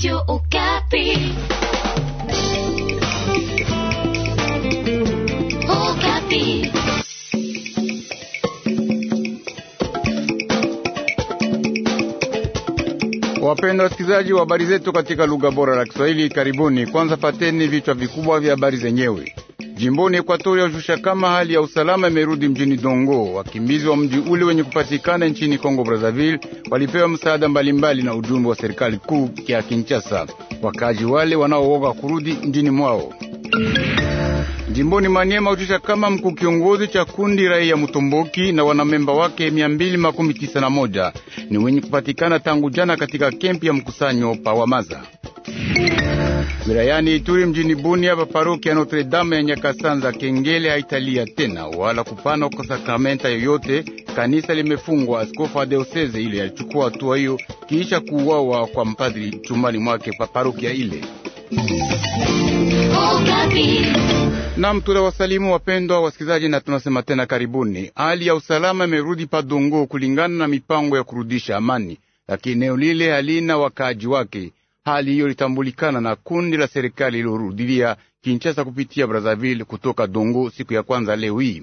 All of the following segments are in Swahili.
Radio Okapi. Okapi. Wapenda wasikilizaji wa habari zetu katika lugha bora la Kiswahili, karibuni. Kwanza pateni vichwa vikubwa vya habari zenyewe. Jimboni Ekwatoria hujusha kama hali ya usalama imerudi mjini Dongo. Wakimbizi wa mji ule wenye kupatikana nchini Kongo Brazzaville walipewa msaada mbalimbali na ujumbe wa serikali kuu ya Kinshasa. Wakaji wale wanaooga kurudi mjini mwao. Jimboni Maniema hujusha kama mkuu kiongozi cha kundi raia Mutomboki na wanamemba wake mia moja ni wenye kupatikana tangu jana katika kempi ya mkusanyo pa Wamaza. Wilayani Ituri mjini Bunia, pa parokia ya Notre Dame ya Nyakasanza, kengele haitalia tena wala kupana kwa sakramenta yoyote. Kanisa limefungwa. Askofu adeoseze ile alichukua hatua hiyo kiisha kuuawa kwa mpadri chumbani mwake pa parokia ile. Nam, wasalimu wapendwa wasikilizaji, na tunasema tena karibuni. Hali ya usalama imerudi Padongo kulingana na mipango ya kurudisha amani, lakini eneo lile halina wakaaji wake. Hali hiyo litambulikana na kundi la serikali lilorudilia Kinshasa kupitia Brazzaville kutoka Dongo siku ya kwanza leo hii.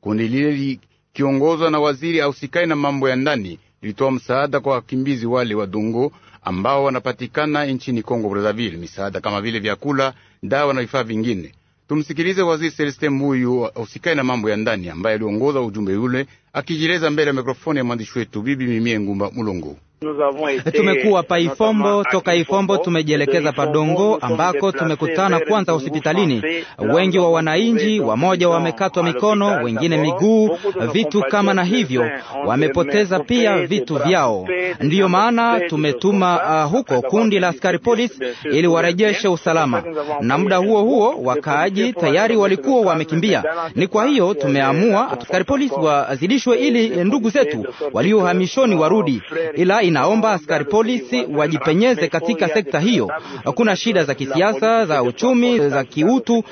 Kundi lile likiongozwa na waziri ausikai na mambo ya ndani lilitoa msaada kwa wakimbizi wale wa Dongo ambao wanapatikana nchini Kongo Brazzaville, misaada kama vile vyakula, dawa na vifaa vingine. Tumsikilize waziri Celestin Mbuyu ausikai na mambo ya ndani ambaye aliongoza ujumbe yule akijieleza mbele ya mikrofoni ya mwandishi wetu Bibi Mimie Ngumba Mulongo. Tumekuwa pa Ifombo, toka Ifombo tumejielekeza Padongo ambako tumekutana kwanza hospitalini. Wengi wa wananchi, wamoja wamekatwa mikono, wengine miguu, vitu kama na hivyo, wamepoteza pia vitu vyao. Ndiyo maana tumetuma uh, huko kundi la askari polisi ili warejeshe usalama, na muda huo huo wakaaji tayari walikuwa wamekimbia. Ni kwa hiyo tumeamua askari polisi wazidishwe ili ndugu zetu waliohamishoni warudi ila inaomba askari polisi wajipenyeze katika sekta hiyo. Kuna shida za kisiasa, za uchumi, za kiutu.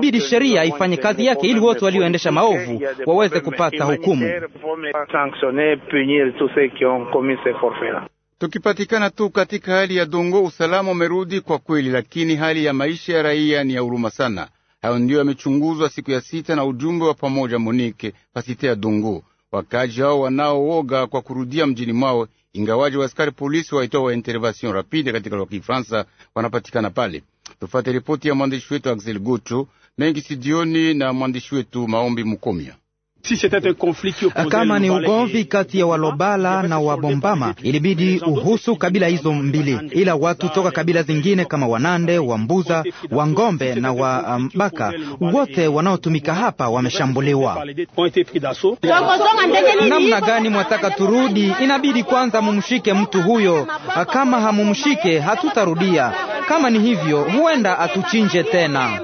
bidi sheria ifanye kazi yake ili wote walioendesha maovu waweze kupata hukumu. Tukipatikana tu katika hali ya dongo, usalama umerudi kwa kweli, lakini hali ya maisha ya raia ni ya huruma sana. Hayo ndiyo yamechunguzwa siku ya sita na ujumbe wa pamoja Monike pasite ya dongo. Wakaji hao wanaooga kwa kurudia mjini mwao ingawaji wa askari polisi waitoa wa intervention rapide katika lugha ya Kifaransa wanapatikana pale. Tufate ripoti ya mwandishi wetu Axel Gutu mengi sidioni na mwandishi wetu Maombi Mukomia kama ni ugomvi kati ya Walobala na Wabombama ilibidi uhusu kabila hizo mbili, ila watu toka kabila zingine kama Wanande, Wambuza, Wangombe na Wambaka um, wote wanaotumika hapa wameshambuliwa. Namna gani mwataka turudi? Inabidi kwanza mumshike mtu huyo, kama hamumshike hatutarudia. Kama ni hivyo, huenda atuchinje tena.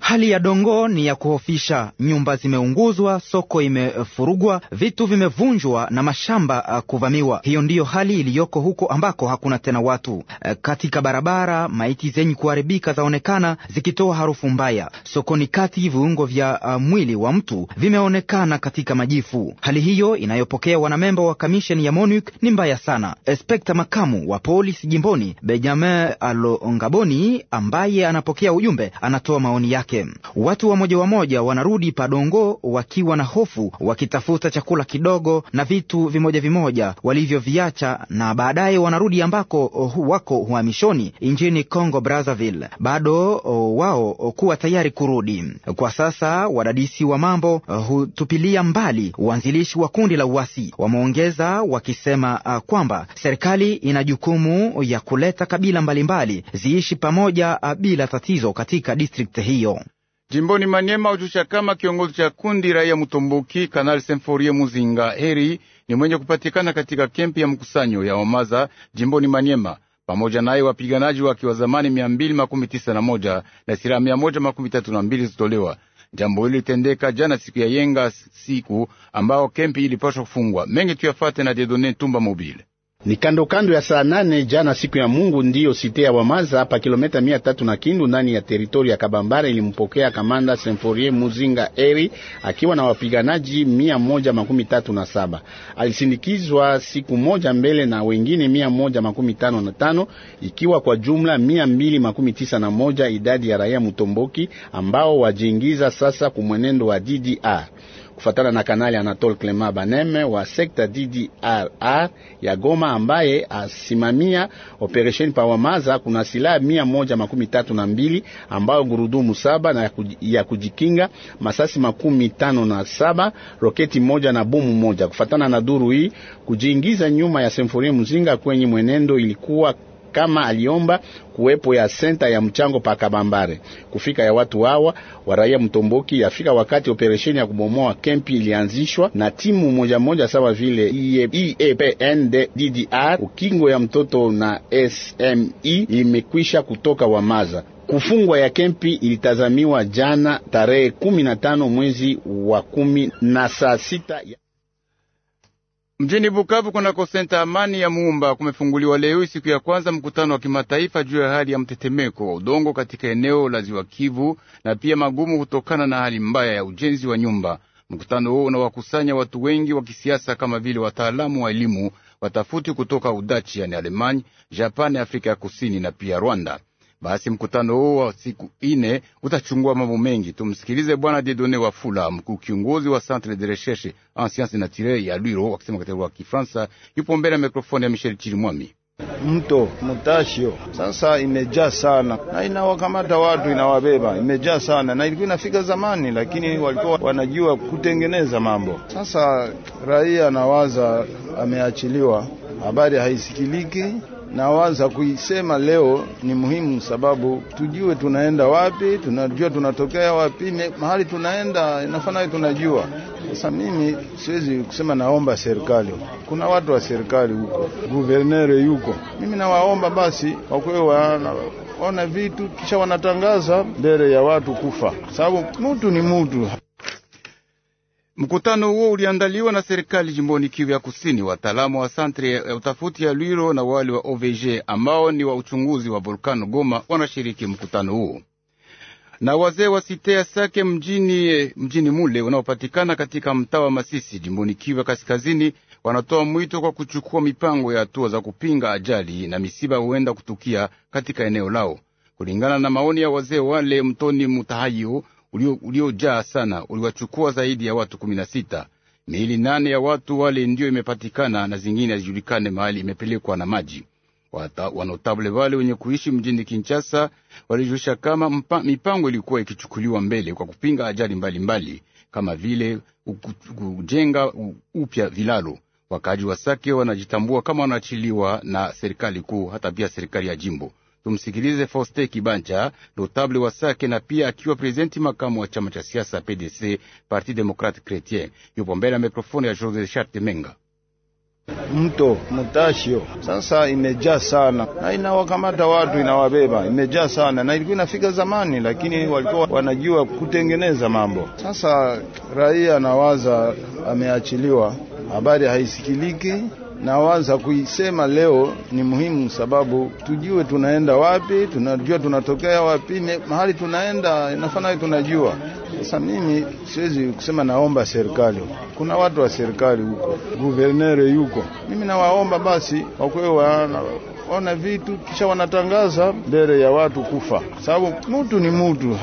Hali ya Dongo ni ya kuhofisha. Nyumba zimeunguzwa, soko imefurugwa, vitu vimevunjwa na mashamba uh, kuvamiwa. Hiyo ndiyo hali iliyoko huko ambako hakuna tena watu. Uh, katika barabara, maiti zenye kuharibika zaonekana zikitoa harufu mbaya. Sokoni kati, viungo vya uh, mwili wa mtu vimeonekana katika majifu. Hali hiyo inayopokea wanamemba wa kamisheni ya MONUC ni mbaya sana. Inspekta makamu wa polisi jimboni Benjamin Alongaboni ambaye anapokea ujumbe Kombe anatoa maoni yake. Watu wamoja wamoja wanarudi Padongo wakiwa na hofu, wakitafuta chakula kidogo na vitu vimoja vimoja walivyoviacha, na baadaye wanarudi ambako wako uhamishoni nchini Congo Brazzaville, bado wao kuwa tayari kurudi. Kwa sasa wadadisi wa mambo hutupilia mbali uanzilishi wa kundi la uasi. Wameongeza wakisema ah, kwamba serikali ina jukumu ya kuleta kabila mbalimbali ziishi pamoja ah, bila tatizo katika distrikti hiyo. Jimboni Manyema ujusha kama kiongozi cha kundi raia Mutomboki, Kanali Semforie Muzinga Heri ni mwenye kupatikana katika kempi ya mkusanyo ya Omaza jimboni Manyema, pamoja naye wapiganaji wake wa zamani 291 na moja na silaha mia na mbili zitolewa. Jambo hili litendeka jana siku ya yenga siku ambao kempi ilipaswa kufungwa. Mengi tuyafate na Dedone Tumba Mobile ni kando kando ya saa nane jana siku ya Mungu, ndiyo site ya Wamaza pa kilomita mia tatu na Kindu ndani ya teritori ya Kabambare ilimpokea kamanda Semforie Muzinga Eri akiwa na wapiganaji mia moja makumi tatu na saba. Alisindikizwa siku moja mbele na wengine mia moja makumi tano na tano ikiwa kwa jumla mia mbili makumi tisa na moja idadi ya raia Mutomboki ambao wajiingiza sasa kumwenendo wa DDR kufatana na Kanali Anatole Clement Baneme wa sekta DDRR ya Goma ambaye asimamia operation pa Wamaza, kuna silaha mia moja makumi tatu na mbili ambayo gurudumu saba na ya kujikinga, masasi makumi tano na saba, roketi moja na bomu moja. Kufatana na duru hii, kujiingiza nyuma ya Semforie Muzinga kwenye mwenendo ilikuwa kama aliomba kuwepo ya senta ya mchango pa Kabambare. Kufika ya watu hawa wa raia Mtomboki yafika wakati operesheni ya kubomoa kempi ilianzishwa na timu moja moja sawa vile EAPN e ukingo ya mtoto na SMI imekwisha kutoka Wamaza. Kufungwa ya kempi ilitazamiwa jana tarehe 15 mwezi wa kumi na saa sita ya Mjini Bukavu kunako senta Amani ya Muumba kumefunguliwa leo siku ya kwanza mkutano wa kimataifa juu ya hali ya mtetemeko wa udongo katika eneo la Ziwa Kivu na pia magumu kutokana na hali mbaya ya ujenzi wa nyumba. Mkutano huo unawakusanya watu wengi wa kisiasa kama vile wataalamu wa elimu, watafuti kutoka Udachi yani Alemani, Japani, Afrika ya Kusini na pia Rwanda. Basi mkutano huo wa siku ine utachungua mambo mengi. Tumsikilize Bwana Dedone Wafula, mkuu kiongozi wa Centre de Recherche en Sciences Naturelles ya Lwiro, wakisema katika lugha ya Kifaransa. Yupo mbele ya mikrofoni ya Michel Chirimwami. Mto Mutashio sasa imejaa sana na inawakamata watu, inawabeba, imejaa sana na ilikuwa inafika zamani, lakini walikuwa wanajua kutengeneza mambo. Sasa raia anawaza ameachiliwa, habari haisikiliki nawaza kuisema leo ni muhimu, sababu tujue tunaenda wapi, tunajua tunatokea wapi, mahali tunaenda inafana tunajua. Sasa mimi siwezi kusema naomba serikali, kuna watu wa serikali huko, guvernere yuko, mimi nawaomba basi wakwe wanaona vitu kisha wanatangaza mbele ya watu kufa, sababu mutu ni mutu. Mkutano huo uliandaliwa na serikali jimboni Kivu ya Kusini, wataalamu wa santre ya utafuti ya Lwiro na wale wa OVG ambao ni wa uchunguzi wa volkano Goma wanashiriki mkutano huo na wazee wa sitea Sake mjini, mjini mule unaopatikana katika mtaa wa Masisi jimboni Kivu Kaskazini wanatoa mwito kwa kuchukua mipango ya hatua za kupinga ajali na misiba huenda kutukia katika eneo lao. Kulingana na maoni ya wazee wale, Mtoni Mutahayo uliojaa ulio sana uliwachukua zaidi ya watu kumi na sita. Miili nane ya watu wale ndiyo imepatikana na zingine hazijulikane mahali imepelekwa na maji. Wanotable wale wenye kuishi mjini Kinshasa walijulisha kama mpa, mipango ilikuwa ikichukuliwa mbele kwa kupinga ajali mbalimbali mbali, kama vile kujenga upya vilalo. Wakaaji wa Sake wanajitambua kama wanaachiliwa na serikali kuu hata pia serikali ya jimbo. Tumsikilize Foste Kibanja, notable wa Sake na pia akiwa prezidenti makamu wa chama cha siasa PDC, Parti Demokrate Chretien. Yupo mbele ya mikrofoni ya Jose Sharte Menga. Mto Mutashio sasa imejaa sana na inawakamata watu, inawabeba, imejaa sana na ilikuwa inafika zamani, lakini walikuwa wanajua kutengeneza mambo. Sasa raia nawaza ameachiliwa, habari haisikiliki, nawaza kuisema leo ni muhimu, sababu tujue tunaenda wapi, tunajua tunatokea wapi, mahali tunaenda inafana tunajua. Sasa mimi siwezi kusema naomba serikali, kuna watu wa serikali huko, guvernere yuko, mimi nawaomba basi wakwe wanaona vitu kisha wanatangaza mbele ya watu kufa, sababu mutu ni mutu,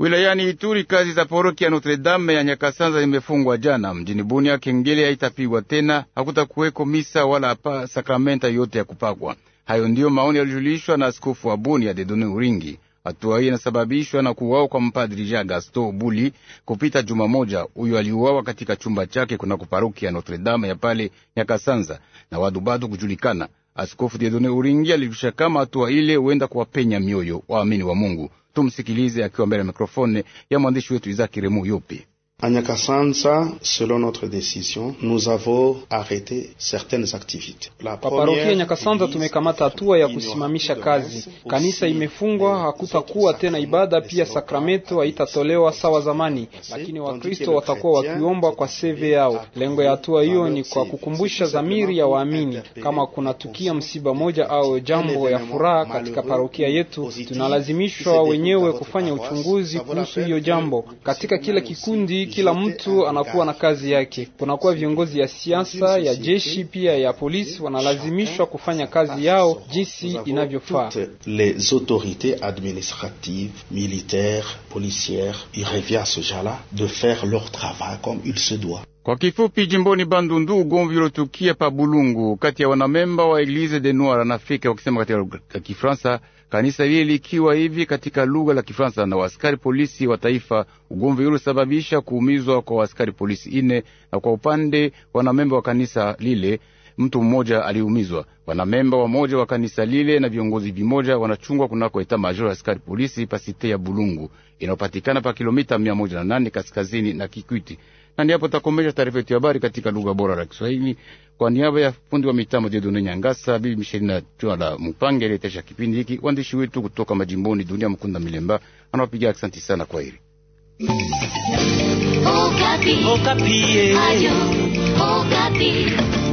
Wilayani Ituri, kazi za poroki ya Notre Dame ya Nyakasanza imefungwa jana. Mjini Bunia, kengele haitapigwa tena, hakutakuweko misa wala hapa sakramenta yote ya kupakwa. Hayo ndiyo maoni yalijulishwa na askofu wa Bunia Dedone Uringi. Hatua hii inasababishwa na kuuawa kwa mpadri Jean Gaston Buli kupita juma moja. Huyo aliuawa katika chumba chake kuna kuparuki ya Notre Dame ya pale Nyakasanza na wadubadu kujulikana Askofu Dieudonne Uringi alirusha kama hatua ile huenda kuwapenya mioyo waamini wa Mungu. Tumsikilize akiwa mbele ya mikrofone ya mwandishi wetu Izaki Remu Yope. À Nyakasanza, selon notre décision, nous avons arrêté certaines activités. La paparokia ya Nyakasanza tumekamata hatua ya kusimamisha kazi. Kanisa imefungwa, hakutakuwa tena ibada, pia sakramento haitatolewa sawa zamani, lakini Wakristo watakuwa wakiomba kwa seve yao. Lengo ya hatua hiyo ni kwa kukumbusha dhamiri ya waamini, kama kuna tukia msiba moja au jambo ya furaha katika parokia yetu, tunalazimishwa wenyewe kufanya uchunguzi kuhusu hiyo jambo katika kila kikundi kila mtu anakuwa na kazi yake. Kunakuwa viongozi ya siasa, ya jeshi, pia ya polisi wanalazimishwa kufanya kazi yao jinsi inavyofaa. Les autorités administratives, militaires, policières, il revient à ce genre-là de faire leur travail comme il se doit. Kwa kifupi, jimboni Bandundu, ugomvi uliotukia pa Bulungu kati ya wanamemba wa Eglise de Noir na Afrika wakisema katika lugha ya Kifaransa, kanisa lile likiwa hivi katika lugha la Kifaransa na waaskari polisi wa taifa. Ugomvi uliosababisha kuumizwa kwa waaskari polisi ine, na kwa upande wanamemba wa kanisa lile mtu mmoja aliumizwa. Wanamemba wamoja wa kanisa lile na viongozi vimoja wanachungwa kunako eta major askari polisi pasite ya Bulungu inayopatikana pa kilomita mia moja na nane kaskazini na Kikwiti. Na ndipo takomesha taarifa yetu ya habari katika lugha bora la Kiswahili kwa niaba ya fundi wa mitambo Jedone Nyangasa, bibi Mishirina Twala Mupange aliyetesha kipindi hiki, waandishi wetu kutoka majimboni Dunia Mkunda Milemba anawapigia asante sana. Kwa heri Okapi. Okapi. Eh.